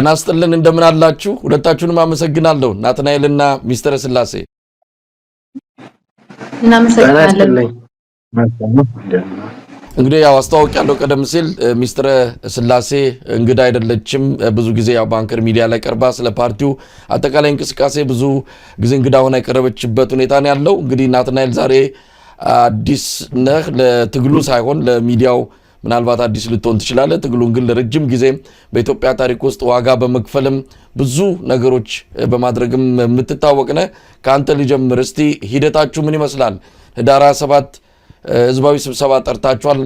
ጤና ይስጥልን እንደምን አላችሁ? ሁለታችሁንም አመሰግናለሁ። ናትናኤልና ሚስተር ስላሴ እንግዲህ ያው አስተዋወቅ ያለው ቀደም ሲል ሚስትረ ስላሴ እንግዳ አይደለችም። ብዙ ጊዜ ያው ባንከር ሚዲያ ላይ ቀርባ ስለ ፓርቲው አጠቃላይ እንቅስቃሴ ብዙ ጊዜ እንግዳ ሆና የቀረበችበት ሁኔታ ነው ያለው። እንግዲህ ናትናኤል ዛሬ አዲስ ነህ፣ ለትግሉ ሳይሆን ለሚዲያው ምናልባት አዲስ ልትሆን ትችላለህ። ትግሉን ግን ለረጅም ጊዜ በኢትዮጵያ ታሪክ ውስጥ ዋጋ በመክፈልም ብዙ ነገሮች በማድረግም የምትታወቅ ነህ። ከአንተ ልጀምር እስቲ። ሂደታችሁ ምን ይመስላል? ህዳር ሰባት ህዝባዊ ስብሰባ ጠርታችኋል።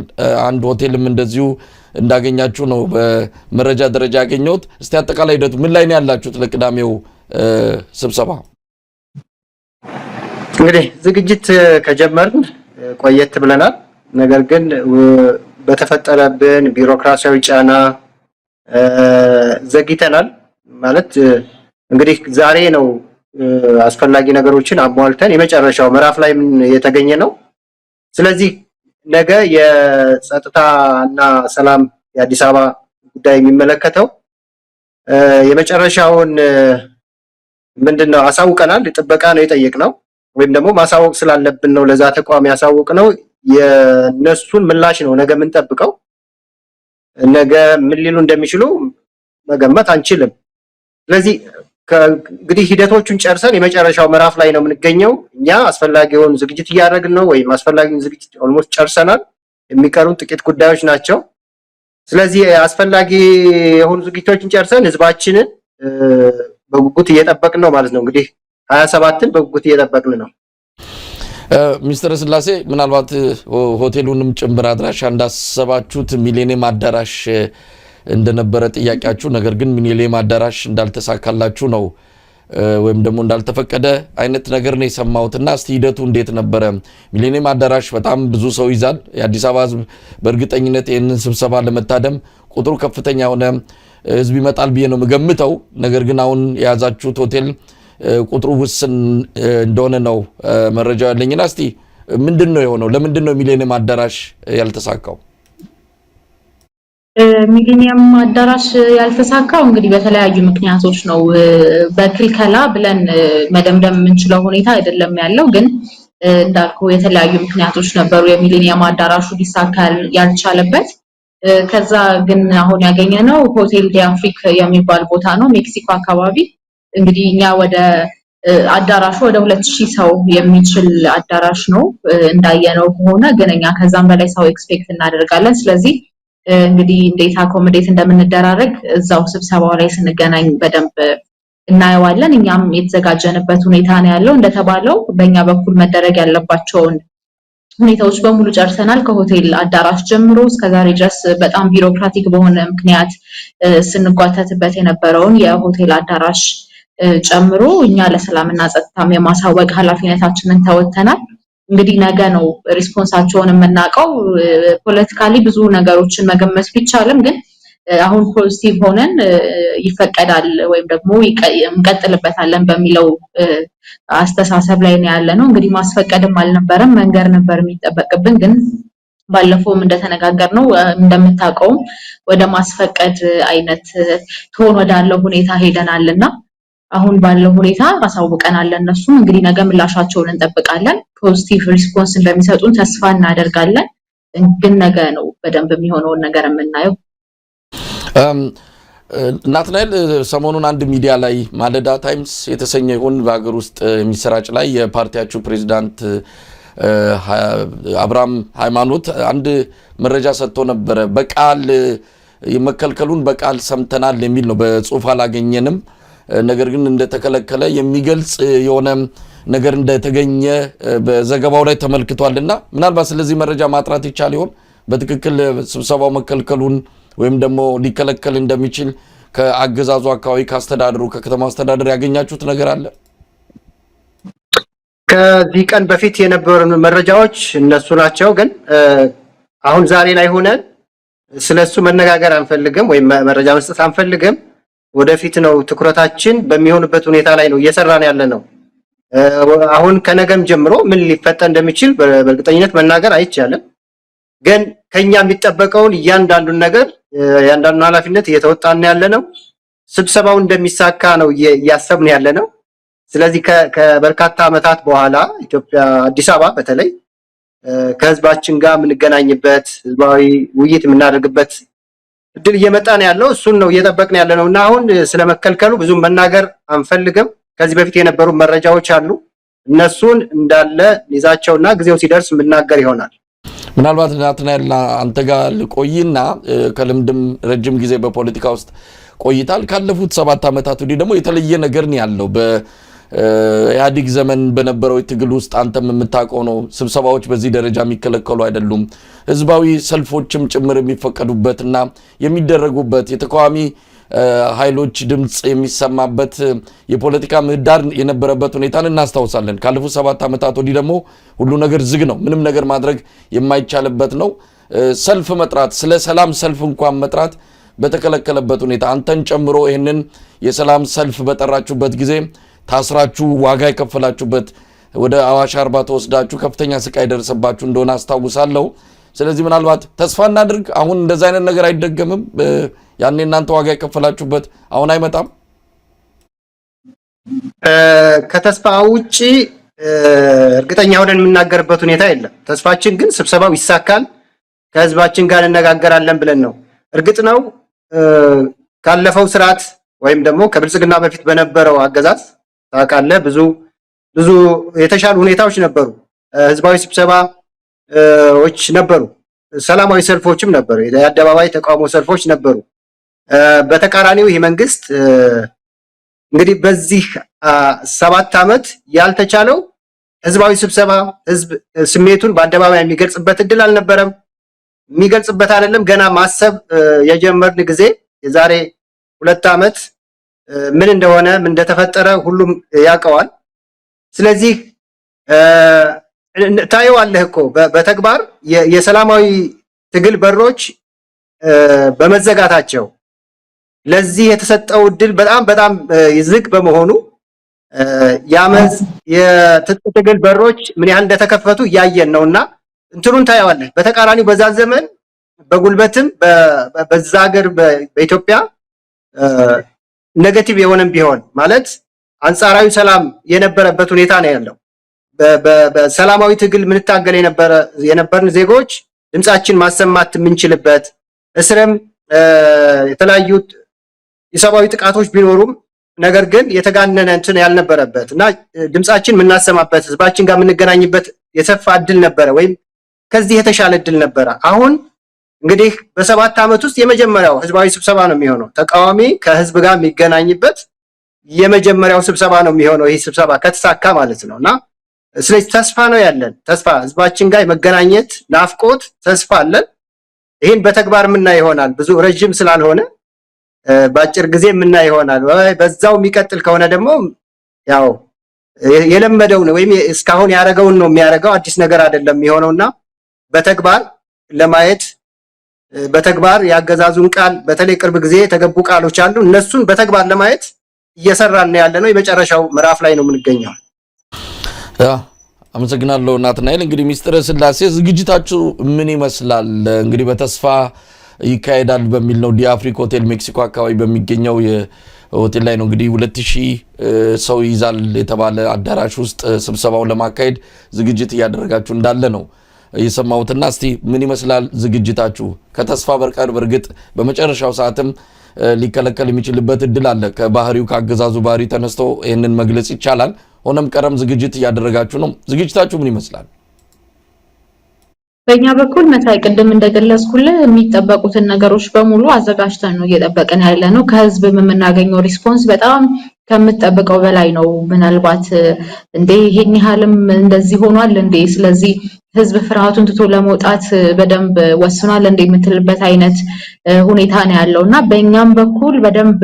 አንድ ሆቴልም እንደዚሁ እንዳገኛችሁ ነው በመረጃ ደረጃ ያገኘሁት። እስቲ አጠቃላይ ሂደቱ ምን ላይ ነው ያላችሁት ለቅዳሜው ስብሰባ? እንግዲህ ዝግጅት ከጀመርን ቆየት ብለናል። ነገር ግን በተፈጠረብን ቢሮክራሲያዊ ጫና ዘግይተናል። ማለት እንግዲህ ዛሬ ነው አስፈላጊ ነገሮችን አሟልተን የመጨረሻው ምዕራፍ ላይ የተገኘ ነው። ስለዚህ ነገ የጸጥታ እና ሰላም የአዲስ አበባ ጉዳይ የሚመለከተው የመጨረሻውን ምንድን ነው አሳውቀናል። ጥበቃ ነው የጠየቅነው ወይም ደግሞ ማሳወቅ ስላለብን ነው ለዛ ተቋም ያሳወቅ ነው። የነሱን ምላሽ ነው ነገ የምንጠብቀው። ነገ ምን ሊሉ እንደሚችሉ መገመት አንችልም። ስለዚህ እንግዲህ ሂደቶቹን ጨርሰን የመጨረሻው ምዕራፍ ላይ ነው የምንገኘው። እኛ አስፈላጊውን ዝግጅት እያደረግን ነው፣ ወይም አስፈላጊውን ዝግጅት ኦልሞስት ጨርሰናል። የሚቀሩን ጥቂት ጉዳዮች ናቸው። ስለዚህ አስፈላጊ የሆኑ ዝግጅቶችን ጨርሰን ህዝባችንን በጉጉት እየጠበቅን ነው ማለት ነው። እንግዲህ ሀያ ሰባትን በጉጉት እየጠበቅን ነው። ሚስተር ስላሴ ምናልባት ሆቴሉንም ጭምር አድራሻ እንዳሰባችሁት ሚሌኒየም አዳራሽ እንደነበረ ጥያቄያችሁ፣ ነገር ግን ሚሌኒየም አዳራሽ እንዳልተሳካላችሁ ነው ወይም ደግሞ እንዳልተፈቀደ አይነት ነገር ነው የሰማሁትና እስቲ ሂደቱ እንዴት ነበረ? ሚሌኒየም አዳራሽ በጣም ብዙ ሰው ይዛል። የአዲስ አበባ ህዝብ በእርግጠኝነት ይህንን ስብሰባ ለመታደም ቁጥሩ ከፍተኛ የሆነ ህዝብ ይመጣል ብዬ ነው የምገምተው። ነገር ግን አሁን የያዛችሁት ሆቴል ቁጥሩ ውስን እንደሆነ ነው መረጃው ያለኝና እስቲ ምንድን ነው የሆነው? ለምንድን ነው ሚሌኒየም አዳራሽ ያልተሳካው? ሚሊኒየም አዳራሽ ያልተሳካው እንግዲህ በተለያዩ ምክንያቶች ነው። በክልከላ ብለን መደምደም የምንችለው ሁኔታ አይደለም ያለው። ግን እንዳልኩ የተለያዩ ምክንያቶች ነበሩ የሚሊኒየም አዳራሹ ሊሳካ ያልቻለበት። ከዛ ግን አሁን ያገኘ ነው ሆቴል ዲአፍሪክ የሚባል ቦታ ነው ሜክሲኮ አካባቢ እንግዲህ እኛ ወደ አዳራሹ ወደ ሁለት ሺህ ሰው የሚችል አዳራሽ ነው እንዳየነው ከሆነ ግን እኛ ከዛም በላይ ሰው ኤክስፔክት እናደርጋለን። ስለዚህ እንግዲህ እንዴት አኮሞዴት እንደምንደራረግ እዛው ስብሰባው ላይ ስንገናኝ በደንብ እናየዋለን። እኛም የተዘጋጀንበት ሁኔታ ነው ያለው። እንደተባለው በእኛ በኩል መደረግ ያለባቸውን ሁኔታዎች በሙሉ ጨርሰናል። ከሆቴል አዳራሽ ጀምሮ እስከዛሬ ድረስ በጣም ቢሮክራቲክ በሆነ ምክንያት ስንጓተትበት የነበረውን የሆቴል አዳራሽ ጨምሮ እኛ ለሰላምና ጸጥታም የማሳወቅ ኃላፊነታችንን ተወጥተናል። እንግዲህ ነገ ነው ሪስፖንሳቸውን የምናውቀው። ፖለቲካሊ ብዙ ነገሮችን መገመት ቢቻልም ግን አሁን ፖዚቲቭ ሆነን ይፈቀዳል ወይም ደግሞ እንቀጥልበታለን በሚለው አስተሳሰብ ላይ ነው ያለ ነው። እንግዲህ ማስፈቀድም አልነበረም መንገር ነበር የሚጠበቅብን ግን ባለፈውም እንደተነጋገር ነው እንደምታውቀውም ወደ ማስፈቀድ አይነት ትሆን ወዳለው ሁኔታ ሄደናል እና አሁን ባለው ሁኔታ አሳውቀናለን እነሱም እንግዲህ ነገ ምላሻቸውን እንጠብቃለን። ፖዚቲቭ ሪስፖንስ እንደሚሰጡን ተስፋ እናደርጋለን። ግን ነገ ነው በደንብ የሚሆነውን ነገር የምናየው። ናትናኤል፣ ሰሞኑን አንድ ሚዲያ ላይ ማለዳ ታይምስ የተሰኘ ይሁን በሀገር ውስጥ የሚሰራጭ ላይ የፓርቲያችሁ ፕሬዚዳንት አብርሃም ሃይማኖት አንድ መረጃ ሰጥቶ ነበረ። በቃል የመከልከሉን በቃል ሰምተናል የሚል ነው። በጽሁፍ አላገኘንም ነገር ግን እንደተከለከለ የሚገልጽ የሆነ ነገር እንደተገኘ በዘገባው ላይ ተመልክቷልና ምናልባት ስለዚህ መረጃ ማጥራት ይቻል ይሆን? በትክክል ስብሰባው መከልከሉን ወይም ደግሞ ሊከለከል እንደሚችል ከአገዛዙ አካባቢ ከአስተዳደሩ ከከተማ አስተዳደር ያገኛችሁት ነገር አለ? ከዚህ ቀን በፊት የነበሩን መረጃዎች እነሱ ናቸው። ግን አሁን ዛሬ ላይ ሆነን ስለሱ መነጋገር አንፈልግም ወይም መረጃ መስጠት አንፈልግም። ወደፊት ነው ትኩረታችን በሚሆንበት ሁኔታ ላይ ነው እየሰራን ያለ ነው። አሁን ከነገም ጀምሮ ምን ሊፈጠር እንደሚችል በእርግጠኝነት መናገር አይቻልም። ግን ከኛ የሚጠበቀውን እያንዳንዱን ነገር እያንዳንዱን ኃላፊነት እየተወጣን ያለ ነው። ስብሰባው እንደሚሳካ ነው እያሰብን ያለ ነው። ስለዚህ ከበርካታ ዓመታት በኋላ ኢትዮጵያ አዲስ አበባ በተለይ ከህዝባችን ጋር የምንገናኝበት ህዝባዊ ውይይት የምናደርግበት እድል እየመጣ ነው ያለው። እሱን ነው እየጠበቅን ያለ ነው እና አሁን ስለመከልከሉ ብዙም መናገር አንፈልግም። ከዚህ በፊት የነበሩ መረጃዎች አሉ። እነሱን እንዳለ ይዛቸውና ጊዜው ሲደርስ የምናገር ይሆናል። ምናልባት ናትናኤል አንተ ጋር ልቆይና ከልምድም ረጅም ጊዜ በፖለቲካ ውስጥ ቆይታል። ካለፉት ሰባት ዓመታት ወዲህ ደግሞ የተለየ ነገር ነው ያለው ኢህአዲግ ዘመን በነበረው ትግል ውስጥ አንተም የምታውቀው ነው። ስብሰባዎች በዚህ ደረጃ የሚከለከሉ አይደሉም። ህዝባዊ ሰልፎችም ጭምር የሚፈቀዱበትና የሚደረጉበት የተቃዋሚ ኃይሎች ድምፅ የሚሰማበት የፖለቲካ ምህዳር የነበረበት ሁኔታን እናስታውሳለን። ካለፉት ሰባት ዓመታት ወዲህ ደግሞ ሁሉ ነገር ዝግ ነው። ምንም ነገር ማድረግ የማይቻልበት ነው። ሰልፍ መጥራት፣ ስለ ሰላም ሰልፍ እንኳን መጥራት በተከለከለበት ሁኔታ አንተን ጨምሮ ይህንን የሰላም ሰልፍ በጠራችሁበት ጊዜ ታስራችሁ ዋጋ የከፈላችሁበት ወደ አዋሽ አርባ ተወስዳችሁ ከፍተኛ ስቃይ ደረሰባችሁ እንደሆነ አስታውሳለሁ። ስለዚህ ምናልባት ተስፋ እናድርግ። አሁን እንደዚ አይነት ነገር አይደገምም። ያኔ እናንተ ዋጋ የከፈላችሁበት አሁን አይመጣም። ከተስፋ ውጭ እርግጠኛ ሆነን የምናገርበት ሁኔታ የለም። ተስፋችን ግን ስብሰባው ይሳካል፣ ከህዝባችን ጋር እነጋገራለን ብለን ነው። እርግጥ ነው ካለፈው ስርዓት ወይም ደግሞ ከብልጽግና በፊት በነበረው አገዛዝ ታውቃለህ። ብዙ ብዙ የተሻሉ ሁኔታዎች ነበሩ። ህዝባዊ ስብሰባዎች ነበሩ። ሰላማዊ ሰልፎችም ነበሩ። የአደባባይ ተቃውሞ ሰልፎች ነበሩ። በተቃራኒው ይህ መንግስት እንግዲህ በዚህ ሰባት ዓመት ያልተቻለው ህዝባዊ ስብሰባ ህዝብ ስሜቱን በአደባባይ የሚገልጽበት እድል አልነበረም። የሚገልጽበት አይደለም። ገና ማሰብ የጀመርን ጊዜ የዛሬ ሁለት ዓመት ምን እንደሆነ ምን እንደተፈጠረ ሁሉም ያውቀዋል። ስለዚህ ታየዋለህ እኮ በተግባር የሰላማዊ ትግል በሮች በመዘጋታቸው ለዚህ የተሰጠው እድል በጣም በጣም ዝግ በመሆኑ የአመፅ የትጥቅ ትግል በሮች ምን ያህል እንደተከፈቱ እያየን ነው እና እንትኑን ታየዋለህ። በተቃራኒው በዛ ዘመን በጉልበትም በዛ ሀገር በኢትዮጵያ ኔጋቲቭ የሆነም ቢሆን ማለት አንጻራዊ ሰላም የነበረበት ሁኔታ ነው ያለው። በሰላማዊ ትግል ምንታገል የነበርን ዜጎች ድምጻችን ማሰማት የምንችልበት እስርም የተለያዩ የሰብአዊ ጥቃቶች ቢኖሩም ነገር ግን የተጋነነ እንትን ያልነበረበት እና ድምፃችን የምናሰማበት ህዝባችን ጋር የምንገናኝበት የሰፋ እድል ነበረ፣ ወይም ከዚህ የተሻለ እድል ነበረ አሁን እንግዲህ በሰባት ዓመት ውስጥ የመጀመሪያው ህዝባዊ ስብሰባ ነው የሚሆነው። ተቃዋሚ ከህዝብ ጋር የሚገናኝበት የመጀመሪያው ስብሰባ ነው የሚሆነው። ይህ ስብሰባ ከተሳካ ማለት ነው እና ስለዚህ ተስፋ ነው ያለን። ተስፋ ህዝባችን ጋር የመገናኘት ናፍቆት፣ ተስፋ አለን። ይህን በተግባር የምናይ ይሆናል። ብዙ ረዥም ስላልሆነ በአጭር ጊዜ የምናይ ይሆናል። በዛው የሚቀጥል ከሆነ ደግሞ ያው የለመደውን ወይም እስካሁን ያደረገውን ነው የሚያደርገው። አዲስ ነገር አይደለም የሚሆነውና በተግባር ለማየት በተግባር የአገዛዙን ቃል በተለይ ቅርብ ጊዜ የተገቡ ቃሎች አሉ። እነሱን በተግባር ለማየት እየሰራን ያለ ነው። የመጨረሻው ምዕራፍ ላይ ነው የምንገኘው። አመሰግናለሁ ናትናኤል። እንግዲህ ሚስጥረ ስላሴ ዝግጅታችሁ ምን ይመስላል? እንግዲህ በተስፋ ይካሄዳል በሚል ነው ዲአፍሪክ ሆቴል ሜክሲኮ አካባቢ በሚገኘው ሆቴል ላይ ነው እንግዲህ ሁለት ሺህ ሰው ይይዛል የተባለ አዳራሽ ውስጥ ስብሰባውን ለማካሄድ ዝግጅት እያደረጋችሁ እንዳለ ነው የሰማሁትና እስቲ ምን ይመስላል ዝግጅታችሁ? ከተስፋ በርቀር በእርግጥ በመጨረሻው ሰዓትም ሊከለከል የሚችልበት እድል አለ። ከባህሪው ከአገዛዙ ባህሪ ተነስቶ ይህንን መግለጽ ይቻላል። ሆነም ቀረም ዝግጅት እያደረጋችሁ ነው። ዝግጅታችሁ ምን ይመስላል? በእኛ በኩል መሳይ ቅድም እንደገለጽኩልህ የሚጠበቁትን ነገሮች በሙሉ አዘጋጅተን ነው እየጠበቅን ያለ ነው። ከህዝብ የምናገኘው ሪስፖንስ በጣም ከምጠብቀው በላይ ነው። ምናልባት እንዴ ይሄን ያህልም እንደዚህ ሆኗል እንዴ፣ ስለዚህ ህዝብ ፍርሃቱን ትቶ ለመውጣት በደንብ ወስኗል እንደ የምትልበት አይነት ሁኔታ ነው ያለው እና በእኛም በኩል በደንብ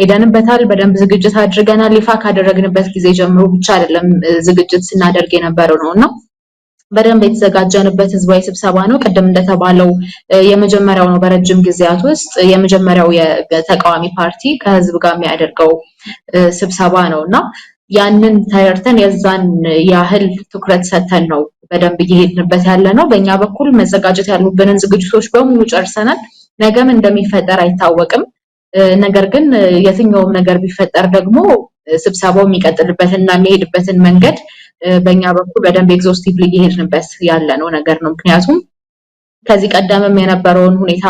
ሄደንበታል። በደንብ ዝግጅት አድርገናል። ይፋ ካደረግንበት ጊዜ ጀምሮ ብቻ አይደለም ዝግጅት ስናደርግ የነበረው ነው እና በደንብ የተዘጋጀንበት ህዝባዊ ስብሰባ ነው። ቅድም እንደተባለው የመጀመሪያው ነው በረጅም ጊዜያት ውስጥ የመጀመሪያው የተቃዋሚ ፓርቲ ከህዝብ ጋር የሚያደርገው ስብሰባ ነው እና ያንን ተረድተን የዛን ያህል ትኩረት ሰጥተን ነው በደንብ እየሄድንበት ያለ ነው። በእኛ በኩል መዘጋጀት ያሉብንን ዝግጅቶች በሙሉ ጨርሰናል። ነገም እንደሚፈጠር አይታወቅም። ነገር ግን የትኛውም ነገር ቢፈጠር ደግሞ ስብሰባው የሚቀጥልበትና የሚሄድበትን መንገድ በእኛ በኩል በደንብ ኤግዞስቲቭ እየሄድንበት ያለ ነው ነገር ነው። ምክንያቱም ከዚህ ቀደምም የነበረውን ሁኔታ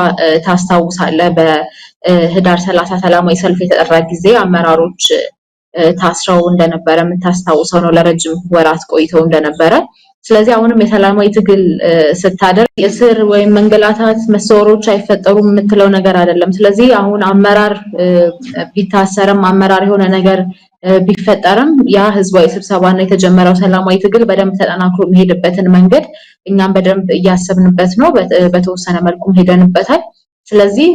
ታስታውሳለ በህዳር ሰላሳ ሰላማዊ ሰልፍ የተጠራ ጊዜ አመራሮች ታስረው እንደነበረ የምታስታውሰው ነው። ለረጅም ወራት ቆይተው እንደነበረ ስለዚህ አሁንም የሰላማዊ ትግል ስታደርግ የስር ወይም መንገላታት መሰወሮች አይፈጠሩም የምትለው ነገር አይደለም። ስለዚህ አሁን አመራር ቢታሰርም አመራር የሆነ ነገር ቢፈጠርም ያ ህዝባዊ ስብሰባና የተጀመረው ሰላማዊ ትግል በደንብ ተጠናክሮ የሚሄድበትን መንገድ እኛም በደንብ እያሰብንበት ነው። በተወሰነ መልኩም ሄደንበታል። ስለዚህ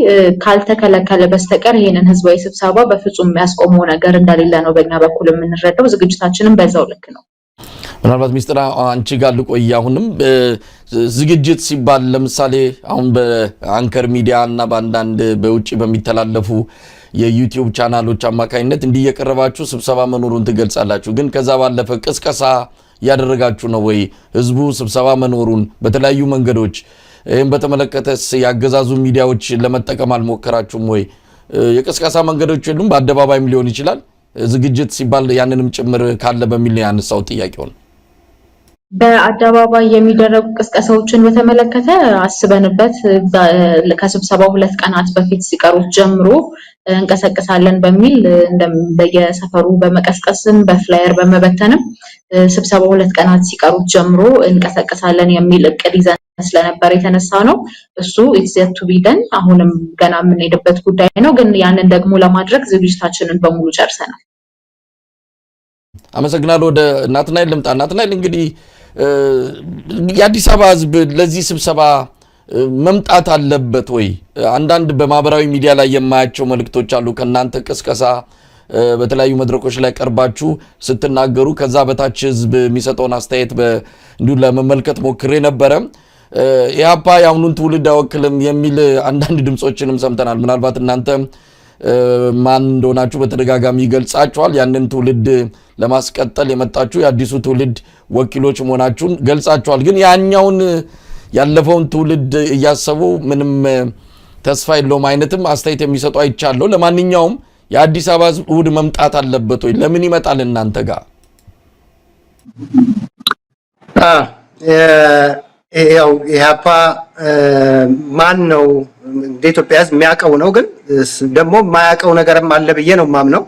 ካልተከለከለ በስተቀር ይህንን ህዝባዊ ስብሰባ በፍጹም የሚያስቆመው ነገር እንደሌለ ነው በእኛ በኩል የምንረዳው። ዝግጅታችንም በዛው ልክ ነው። ምናልባት ሚስጥር አንቺ ጋር ልቆይ። አሁንም ዝግጅት ሲባል ለምሳሌ አሁን በአንከር ሚዲያ እና በአንዳንድ በውጭ በሚተላለፉ የዩቲዩብ ቻናሎች አማካኝነት እንዲህ ስብሰባ መኖሩን ትገልጻላችሁ። ግን ከዛ ባለፈ ቅስቀሳ እያደረጋችሁ ነው ወይ? ህዝቡ ስብሰባ መኖሩን በተለያዩ መንገዶች ይህም በተመለከተስ የአገዛዙ ሚዲያዎች ለመጠቀም አልሞከራችሁም ወይ? የቅስቀሳ መንገዶች የሉም? በአደባባይም ሊሆን ይችላል። ዝግጅት ሲባል ያንንም ጭምር ካለ በሚል ያነሳው ጥያቄውን በአደባባይ የሚደረጉ ቅስቀሳዎችን በተመለከተ አስበንበት ከስብሰባው ሁለት ቀናት በፊት ሲቀሩት ጀምሮ እንቀሰቅሳለን በሚል በየሰፈሩ በመቀስቀስም በፍላየር በመበተንም ስብሰባው ሁለት ቀናት ሲቀሩት ጀምሮ እንቀሰቅሳለን የሚል እቅድ ይዘን ስለነበር የተነሳ ነው። እሱ ኢትዘቱ ቢደን አሁንም ገና የምንሄድበት ጉዳይ ነው። ግን ያንን ደግሞ ለማድረግ ዝግጅታችንን በሙሉ ጨርሰናል። አመሰግናለሁ። ወደ ናትናይል ልምጣ። ናትናይል እንግዲህ የአዲስ አበባ ህዝብ ለዚህ ስብሰባ መምጣት አለበት ወይ? አንዳንድ በማህበራዊ ሚዲያ ላይ የማያቸው መልእክቶች አሉ። ከእናንተ ቅስቀሳ በተለያዩ መድረኮች ላይ ቀርባችሁ ስትናገሩ ከዛ በታች ህዝብ የሚሰጠውን አስተያየት እንዲሁ ለመመልከት ሞክሬ ነበረ። ኢህአፓ የአሁኑን ትውልድ አይወክልም የሚል አንዳንድ ድምፆችንም ሰምተናል። ምናልባት እናንተ ማን እንደሆናችሁ በተደጋጋሚ ይገልጻችኋል። ያንን ትውልድ ለማስቀጠል የመጣችሁ የአዲሱ ትውልድ ወኪሎች መሆናችሁን ገልጻችኋል። ግን ያኛውን ያለፈውን ትውልድ እያሰቡ ምንም ተስፋ የለውም አይነትም አስተያየት የሚሰጡ አይቻለሁ። ለማንኛውም የአዲስ አበባ ሕዝብ መምጣት አለበት ወይ? ለምን ይመጣል እናንተ ጋር? ያው ኢህአፓ ማን ነው እንደ ኢትዮጵያ የሚያውቀው ነው። ግን ደግሞ የማያውቀው ነገርም አለ ብዬ ነው የማምነው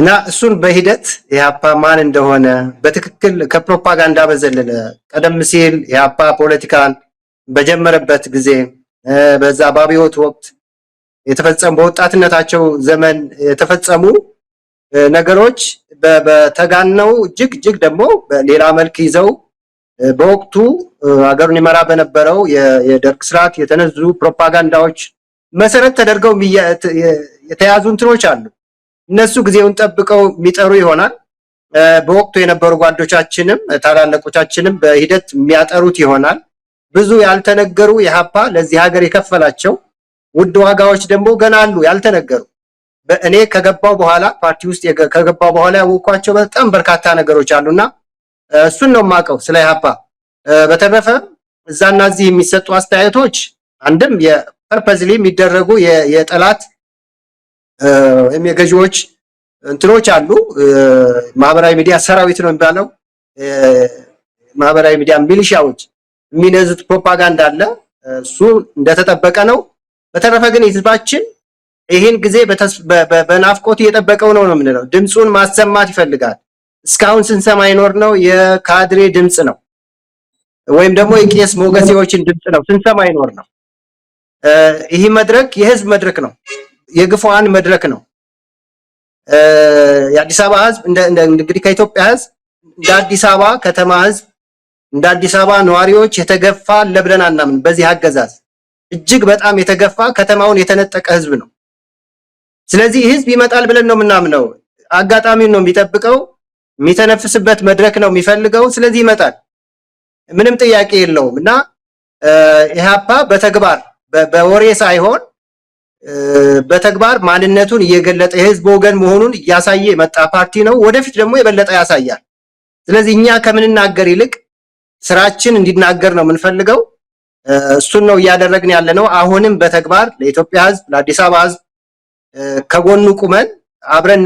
እና እሱን በሂደት ኢህአፓ ማን እንደሆነ በትክክል ከፕሮፓጋንዳ በዘለለ ቀደም ሲል ኢህአፓ ፖለቲካን በጀመረበት ጊዜ በዛ ባቢዮት ወቅት የተፈጸሙ በወጣትነታቸው ዘመን የተፈጸሙ ነገሮች በተጋነው እጅግ እጅግ ደግሞ በሌላ መልክ ይዘው በወቅቱ ሀገሩን ይመራ በነበረው የደርግ ስርዓት የተነዙ ፕሮፓጋንዳዎች መሰረት ተደርገው የተያዙ እንትኖች አሉ። እነሱ ጊዜውን ጠብቀው የሚጠሩ ይሆናል። በወቅቱ የነበሩ ጓዶቻችንም ታላላቆቻችንም በሂደት የሚያጠሩት ይሆናል። ብዙ ያልተነገሩ የሀፓ ለዚህ ሀገር የከፈላቸው ውድ ዋጋዎች ደግሞ ገና አሉ ያልተነገሩ እኔ ከገባው በኋላ ፓርቲ ውስጥ ከገባው በኋላ ያወቅኳቸው በጣም በርካታ ነገሮች አሉና እሱን ነው የማውቀው ስለ ኢህአፓ። በተረፈ እዛና እዚህ የሚሰጡ አስተያየቶች አንድም የፐርፐዝሊ የሚደረጉ የጠላት የገዢዎች እንትኖች አሉ። ማህበራዊ ሚዲያ ሰራዊት ነው የሚባለው፣ ማህበራዊ ሚዲያ ሚሊሻዎች የሚነዙት ፕሮፓጋንዳ አለ። እሱ እንደተጠበቀ ነው። በተረፈ ግን ህዝባችን ይህን ጊዜ በናፍቆት እየጠበቀው ነው ነው የምንለው። ድምፁን ማሰማት ይፈልጋል። እስካሁን ስንሰማ ይኖር ነው የካድሬ ድምፅ ነው ወይም ደግሞ የቄስ ሞገሴዎችን ድምፅ ነው ስንሰማ ይኖር ነው። ይህ መድረክ የህዝብ መድረክ ነው፣ የግፉዓን መድረክ ነው። የአዲስ አበባ ህዝብ እንግዲህ ከኢትዮጵያ ህዝብ እንደ አዲስ አበባ ከተማ ህዝብ እንደ አዲስ አበባ ነዋሪዎች የተገፋ ለብለን አናምን። በዚህ አገዛዝ እጅግ በጣም የተገፋ ከተማውን የተነጠቀ ህዝብ ነው። ስለዚህ ህዝብ ይመጣል ብለን ነው የምናምነው። አጋጣሚውን ነው የሚጠብቀው፣ የሚተነፍስበት መድረክ ነው የሚፈልገው። ስለዚህ ይመጣል፣ ምንም ጥያቄ የለውም። እና ኢህአፓ በተግባር በወሬ ሳይሆን በተግባር ማንነቱን እየገለጠ የህዝብ ወገን መሆኑን እያሳየ የመጣ ፓርቲ ነው። ወደፊት ደግሞ የበለጠ ያሳያል። ስለዚህ እኛ ከምንናገር ይልቅ ስራችን እንዲናገር ነው የምንፈልገው። እሱን ነው እያደረግን ያለ ነው። አሁንም በተግባር ለኢትዮጵያ ህዝብ፣ ለአዲስ አበባ ህዝብ ከጎኑ ቁመን አብረን